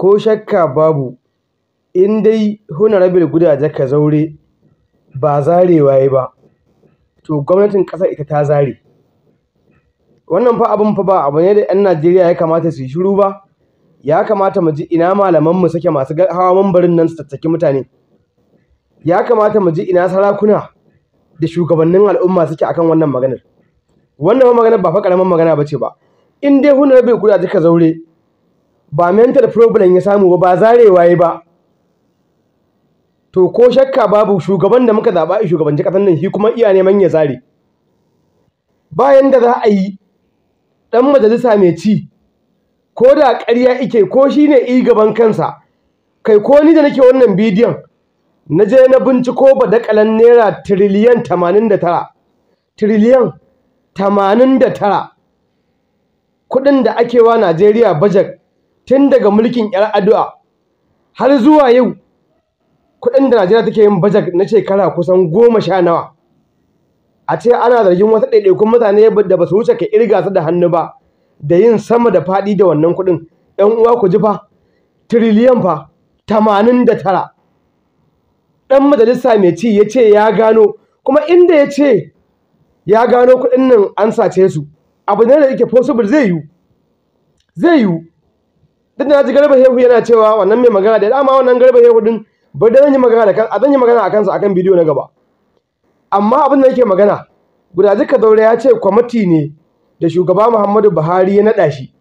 Ko shakka babu, in dai Honorable ka zaure ba zarewa yi ba, to gwamnatin ƙasar ita ta zare. Wannan fa abin fa ba abu ne da 'yan Najeriya ya kamata su yi shiru ba, ya kamata mu ji ina mu suke masu hawa mambarin nan su tattaki mutane. Ya kamata mu ji ina sarakuna da shugabannin al'umma suke akan wannan maganar. Wannan maganar ba fa ƙaramin magana ba ba. In dai Honorable ka zaure. ba mental problem ya samu ba ba zarewa ya ba to ko shakka babu shugaban da muka zaba a shugabanci kasan nan shi kuma iya neman ya zare bayan da za a yi ɗan majalisa mai ci ko da ƙarya ike ko shi ne i gaban kansa kai ko ni da nake wannan bidiyon na je na binciko badakalan naira tiriliyan tamanin da tara tiriliyan tamanin da tara kuɗin da ake wa najeriya bajak tun daga mulkin yar addu'a har zuwa yau kuɗin da Najeriya take yin bajak na shekara kusan goma sha nawa a ce ana zargin wasu ɗaiɗaikun mutane da ba su wuce ka irga su da hannu ba da yin sama da faɗi da wannan kuɗin ɗan uwa ku ji fa tiriliyan fa tamanin da tara ɗan majalisa mai ci ya ce ya gano kuma inda ya ce ya gano kuɗin nan an sace su abu ne da yake possible zai yiwu zai yiwu duk da ji garba hehu yana cewa wannan mai magana da dama wannan garba hehu din ba da zan yi magana da zan yi magana bidiyo na gaba amma abin da yake magana guda duka daure ya ce kwamiti ne da shugaba Muhammadu Buhari ya naɗa shi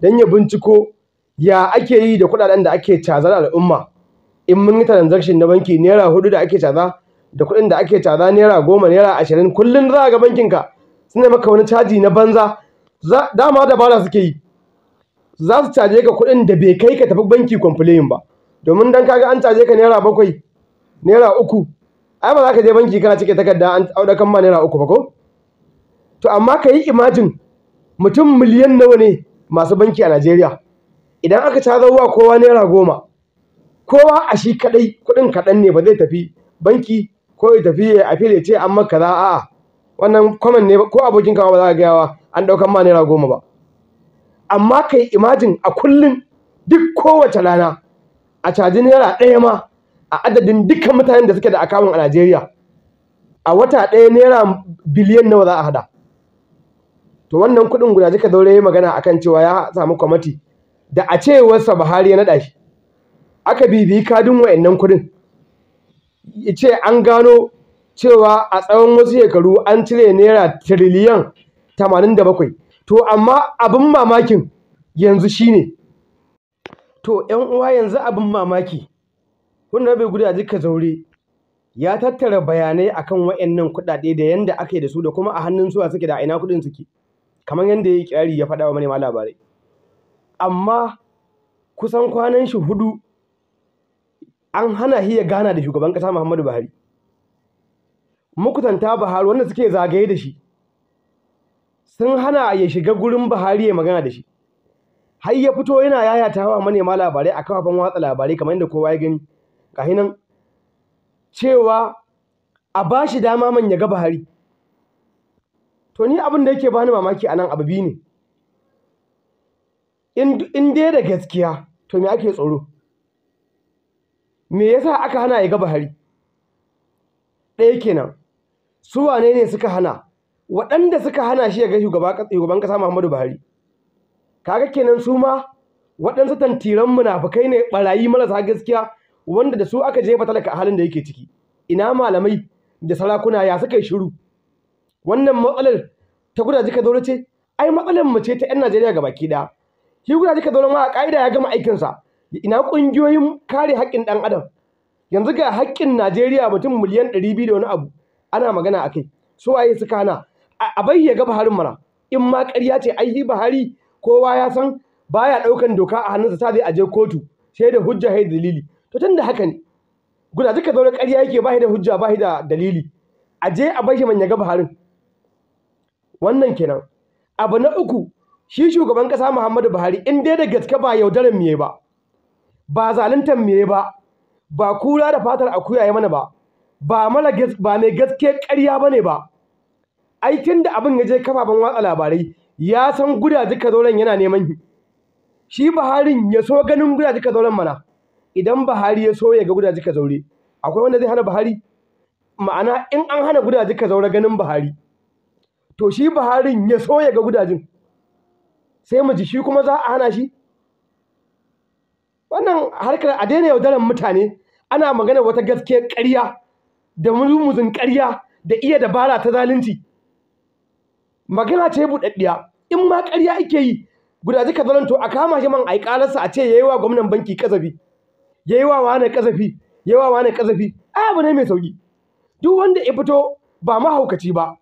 dan ya binciko ya ake yi da kuɗaɗen da ake cazar al'umma in mun yi transaction na banki naira hudu da ake caza da kuɗin da ake caza naira goma naira ashirin kullum za a ga bankinka suna maka wani caji na banza dama da bala suke yi za su caje ka kuɗin da bai kai ka tafi banki complain ba domin dan kaga an caje ka naira bakwai naira uku ai ba za ka je banki kana cike takarda an auda ma naira uku ba ko to amma ka yi imajin mutum miliyan nawa ne masu banki a Najeriya idan aka caza wa kowa naira goma kowa a shi kadai kuɗin kaɗan ne ba zai tafi banki ko ya tafi ya ce an maka za a'a wannan kwamen ne ko abokin kawo ba za ka gayawa an ɗaukan ma naira goma ba amma kai imajin a kullum duk kowace rana a caji naira ɗaya ma a adadin dukkan mutanen da suke da akawun a Najeriya a wata ɗaya naira biliyan nawa za a hada to wannan kuɗin guda jika zaure ya magana akan cewa ya samu kwamati da a ce cewarsa Buhari ya naɗa shi aka bibiyi kadin wayannan kuɗin ce an gano cewa a tsawon wasu shekaru an cire naira tiriliyan 87 to amma abin mamakin yanzu shine to 'yan uwa yanzu abin mamaki wanda bai guda jika zaure ya tattara bayanai akan waɗannan kuɗaɗe da yanda yi da su da kuma a hannun suwa suke da ina kuɗin suke kamar yanda ya yi kirari ya faɗa wa manema labarai amma kusan kwanan shi hudu an hana hiya gana da shugaban ƙasa Muhammadu Buhari mukutanta Buhari wanda suke zagaye da shi sun hana ya shiga gurin Buhari ya magana da shi har ya fito yana yayatawa manema labarai a kafafen watsa labarai kamar yadda kowa ya gani kahinan cewa a ba shi dama man ya ga Buhari to ni abin da yake bani mamaki anan abu biyu ne in dai da gaskiya to me ake tsoro me yasa aka hana ya ga Buhari ɗaya kenan su wane ne suka hana waɗanda suka hana shi ya ga shugaban ƙasa Muhammadu Buhari kaga kenan su ma waɗansu tantiran munafukai ne ɓarayi marasa gaskiya wanda da su aka jefa talaka a halin da yake ciki ina malamai da sarakuna ya suka yi shiru wannan matsalar ta guda jika zaure ce ai matsalar mace ta 'yan Najeriya ga baki ɗaya shi guda jika zaure ma a ƙa'ida ya gama aikinsa ina ƙungiyoyin kare haƙƙin ɗan adam yanzu ga haƙƙin Najeriya mutum miliyan ɗari biyu da wani abu ana magana a kai su waye suka hana a bai ya ga Buhari mana in ma ƙarya ce ai Buhari kowa ya san baya ɗaukan doka a hannunsa ta zai aje kotu sai da hujja sai dalili to tunda haka ne guda duka zaune ƙarya yake ba da hujja ba da dalili A je a bai man ya ga Buhari wannan kenan abu na uku shi shugaban ƙasa Muhammadu Buhari in dai da gaske ba yaudaran miye ba ba zaluntar miye ba ba kura da fatar akuya ya mana ba ba mala ba mai gaske ƙarya bane ba ai tun da abin ya je kafafen watsa labarai ya san gudaji kazauren yana neman shi Buharin ya so ganin gudaji kazauren mana idan Buhari ya so ya ga gudaji zaure, akwai wanda zai hana Buhari ma'ana in an hana gudaji zaure ganin Buhari to shi Buharin ya so ya ga gudajin sai mu ji shi kuma za a hana shi wannan harkar a daina yaudaran mutane ana magana wata gaskiyar ƙarya da mulmuzin ƙarya da iya dabara ta zalunci magana ce buɗaɗɗiya in ma ƙarya ake yi guda ka zalanto a kama shi man a yi ƙararsa a ce ya yi wa gwamnan banki ƙazafi ya yi wa wane ƙazafi ya yi wa wane ƙazafi ai abu ne mai sauƙi duk wanda ya fito ba mahaukaci ba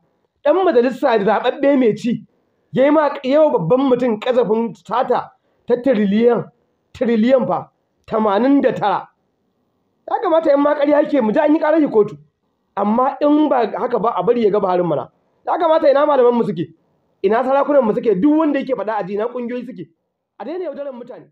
ɗan majalisa zaɓaɓɓe mai ci ya yi ma yawa babban mutum ƙazafin sata ta tiriliyan tiriliyan fa tamanin da tara ya kamata in ma ƙarya ake mu ji an yi ƙarar kotu amma in ba haka ba a bari ya ga harin mana ya kamata ina malaman mu suke ina sarakunan suke duk wanda yake faɗa a ji na kungiyoyi suke a daina yaudaran mutane